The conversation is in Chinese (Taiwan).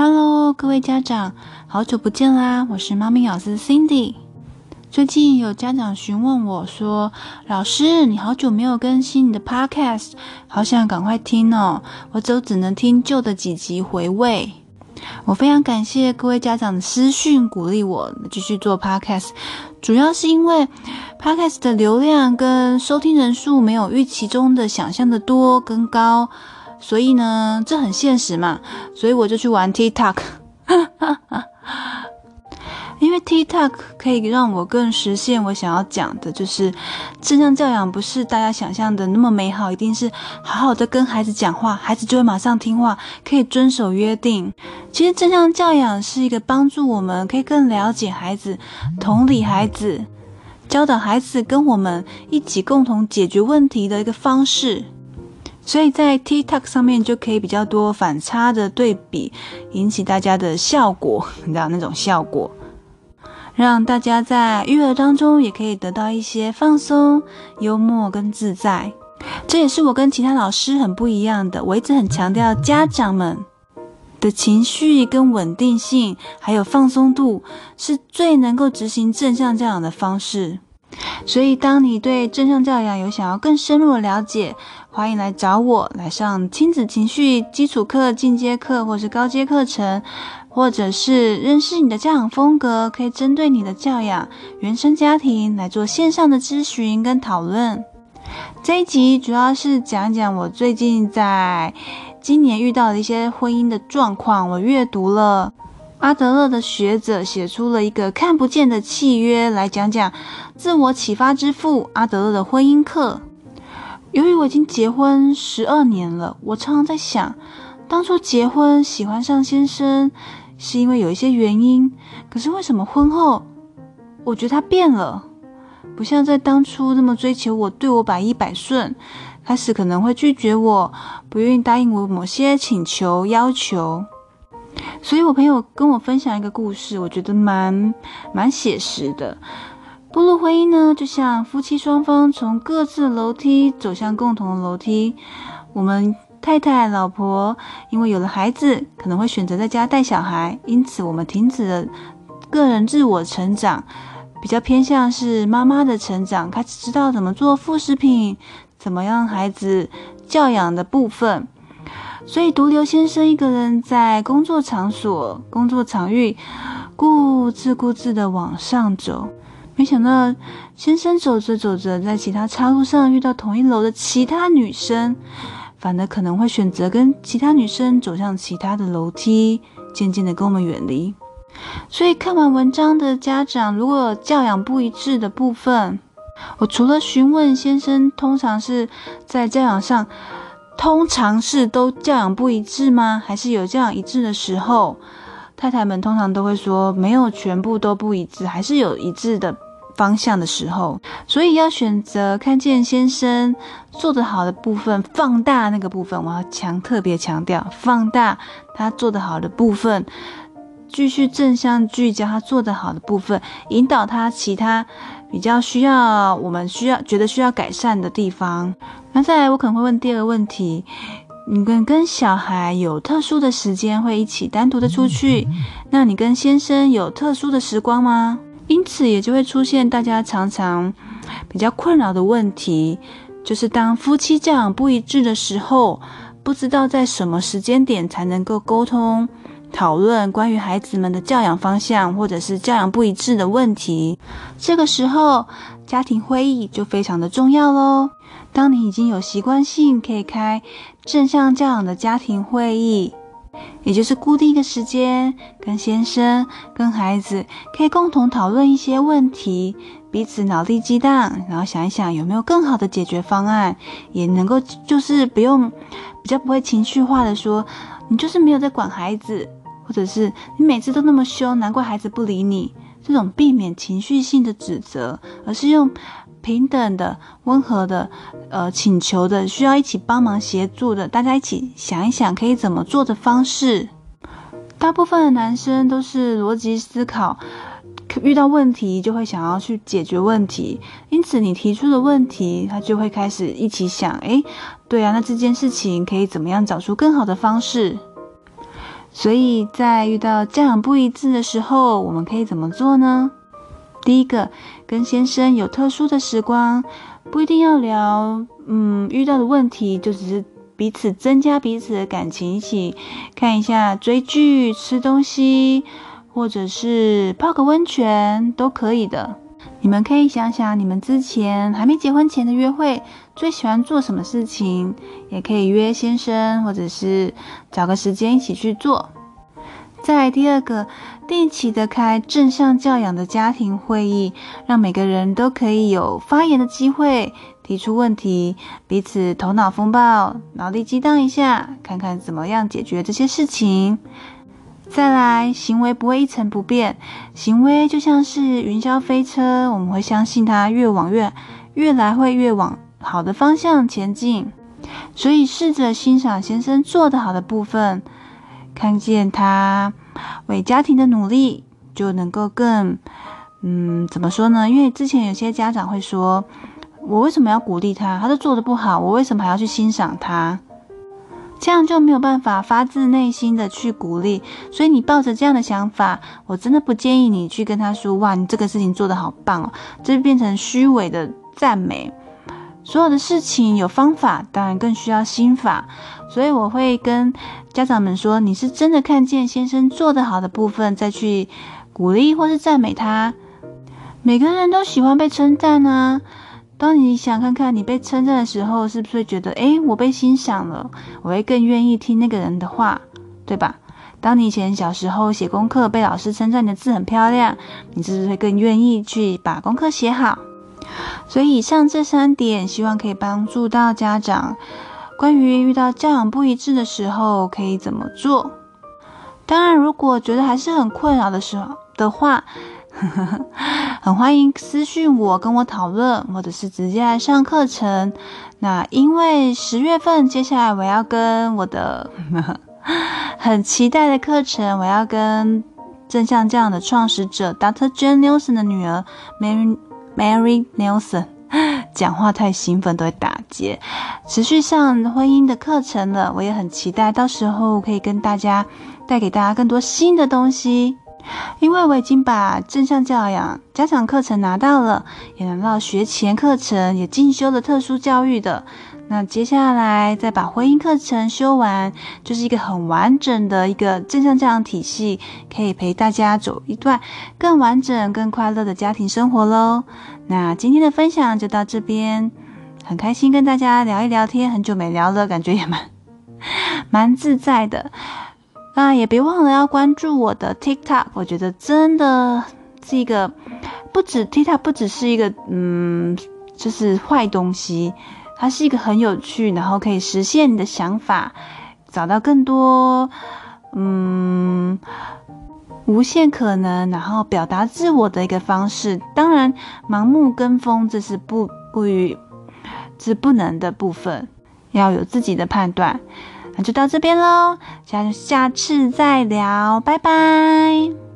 Hello，各位家長，好久不見啦！我是媽咪老師 Cindy。最近有家長詢問我說：“老師，你好久沒有更新你的 podcast，好想趕快聽哦、喔，我只有只能聽舊的幾集回味。”我非常感謝各位家長的私訊鼓勵我繼續做 podcast，主要是因為 podcast 的流量跟收聽人數沒有預期中的想象的多跟高。所以呢，這很現實嘛，所以我就去玩 TikTok 哈哈哈。 因為 TikTok 可以讓我更實現我想要講的，就是正向教養不是大家想象的那麼美好，一定是好好的跟孩子講話，孩子就會馬上聽話，可以遵守約定。其實正向教養是一個幫助我們可以更了解孩子、同理孩子、教導孩子跟我們一起共同解決問題的一個方式。所以在 TikTok 上面就可以比較多反差的對比引起大家的效果，你知道那種效果，讓大家在育兒當中也可以得到一些放鬆、幽默跟自在。這也是我跟其他老師很不一樣的，我一直很強調家長們的情緒跟穩定性，還有放鬆度是最能夠執行正向教養的方式。所以，當你對正向教養有想要更深入的了解，歡迎來找我來上親子情緒基礎課、進階課，或是高階課程，或者是認識你的教養風格，可以針對你的教養、原生家庭來做線上的諮詢跟討論。這一集主要是講一講我最近在今年遇到的一些婚姻的狀況。我閱讀了阿德勒的學者寫出了一個看不見的契約，來講講自我啟發之父阿德勒的婚姻課。由於我已經結婚十二年了，我常常在想，當初結婚喜歡上先生，是因為有一些原因。可是為什麼婚後，我覺得他變了，不像在當初那麼追求我，對我百依百順，開始可能會拒絕我，不願意答應我某些請求要求。所以我朋友跟我分享一個故事，我覺得蠻，蠻寫實的。步入婚姻呢，就像夫妻雙方從各自樓梯走向共同的樓梯。我們太太、老婆因為有了孩子，可能會選擇在家帶小孩，因此我們停止了個人自我成長，比較偏向是媽媽的成長，開始知道怎麼做副食品，怎麼讓孩子教養的部分。所以獨留先生一個人在工作場所、工作場域，固執固執的往上走。沒想到，先生走着走着，在其他岔路上遇到同一樓的其他女生，反而可能會選擇跟其他女生走向其他的樓梯，漸漸的跟我們遠離。所以看完文章的家長，如果教養不一致的部分，我除了詢問先生，通常是在教養上，通常是都教養不一致嗎？還是有教養一致的時候？太太們通常都會說，沒有全部都不一致，還是有一致的。方向的時候，所以要選擇看見先生做得好的部分，放大那個部分。我要強特別強調，放大他做得好的部分，繼續正向聚焦他做得好的部分，引導他其他比較需要我們需要覺得需要改善的地方。那再來，我可能會問第二個問題：你跟跟小孩有特殊的時間會一起單獨的出去？那你跟先生有特殊的時光嗎？因此，也就會出現大家常常比較困擾的問題，就是當夫妻教養不一致的時候，不知道在什麼時間點才能夠溝通討論關於孩子們的教養方向，或者是教養不一致的問題。這個時候，家庭會議就非常的重要嘍。當你已經有習慣性可以開正向教養的家庭會議。也就是固定一個時間，跟先生、跟孩子可以共同討論一些問題，彼此腦力激盪，然後想一想有沒有更好的解決方案，也能夠就是不用，比較不會情緒化的說，你就是沒有在管孩子，或者是你每次都那麼凶，難怪孩子不理你，這種避免情緒性的指責，而是用。平等的、溫和的、呃，請求的，需要一起幫忙協助的，大家一起想一想可以怎麼做的方式。大部分的男生都是邏輯思考，遇到問題就會想要去解決問題，因此你提出的問題，他就會開始一起想，哎，對啊，那這件事情可以怎麼樣找出更好的方式。所以在遇到這樣不一致的時候，我們可以怎麼做呢？第一個跟先生有特殊的時光，不一定要聊，嗯，遇到的問題，就只是彼此增加彼此的感情，一起看一下追劇、吃東西，或者是泡個溫泉都可以的。你們可以想想你們之前還沒結婚前的約會，最喜歡做什麼事情，也可以約先生，或者是找個時間一起去做。再來第二個，定期的開正向教養的家庭會議，讓每個人都可以有發言的機會，提出問題，彼此頭腦風暴，腦力激盪一下，看看怎麼樣解決這些事情。再來，行為不會一成不變，行為就像是雲霄飛車，我們會相信它越往越越來會越往好的方向前進，所以試着欣賞先生做得好的部分。看見他為家庭的努力，就能夠更，嗯，怎麼說呢？因為之前有些家長會說，我為什麼要鼓勵他？他都做的不好，我為什麼還要去欣賞他？這樣就沒有辦法發自內心的去鼓勵。所以你抱着這樣的想法，我真的不建議你去跟他說：“哇，你這個事情做的好棒哦！”這變成虛偽的讚美。所有的事情有方法，當然更需要心法。所以我會跟家長們說，你是真的看見先生做得好的部分，再去鼓勵或是讚美他。每個人都喜歡被稱讚啊！當你想看看你被稱讚的時候，是不是會覺得誒，我被欣賞了，我會更願意聽那個人的話，對吧？當你以前小時候寫功課被老師稱讚你的字很漂亮，你是不是會更願意去把功課寫好？所以以上這三點，希望可以幫助到家長。關於遇到教養不一致的時候，可以怎麼做？當然，如果覺得還是很困擾的時候的話，很歡迎私訊我，跟我討論，或者是直接來上課程。那因為十月份接下來我要跟我的很期待的課程，我要跟正向教養的創始者 Dr. Jane Nelsen 的女兒 Mary。Mary Nelson 講話太興奮都會打結，持續上婚姻的課程了，我也很期待，到時候可以跟大家帶給大家更多新的東西，因為我已經把正向教養家長課程拿到了，也拿到學前課程，也進修了特殊教育的。那接下來再把婚姻課程修完，就是一個很完整的一個正向教養的體系，可以陪大家走一段更完整、更快樂的家庭生活咯。那今天的分享就到這邊，很開心跟大家聊一聊天，很久沒聊了，感覺也蠻蠻自在的。那，也別忘了要關注我的 TikTok，我覺得真的，是一個不止 TikTok 不只是一個，嗯，就是壞東西。它是一個很有趣，然後可以實現你的想法，找到更多，嗯，無限可能，然後表達自我的一個方式。當然，盲目跟風這是不不予，這不能的部分，要有自己的判斷。那就到這邊嘍，下下次再聊，拜拜。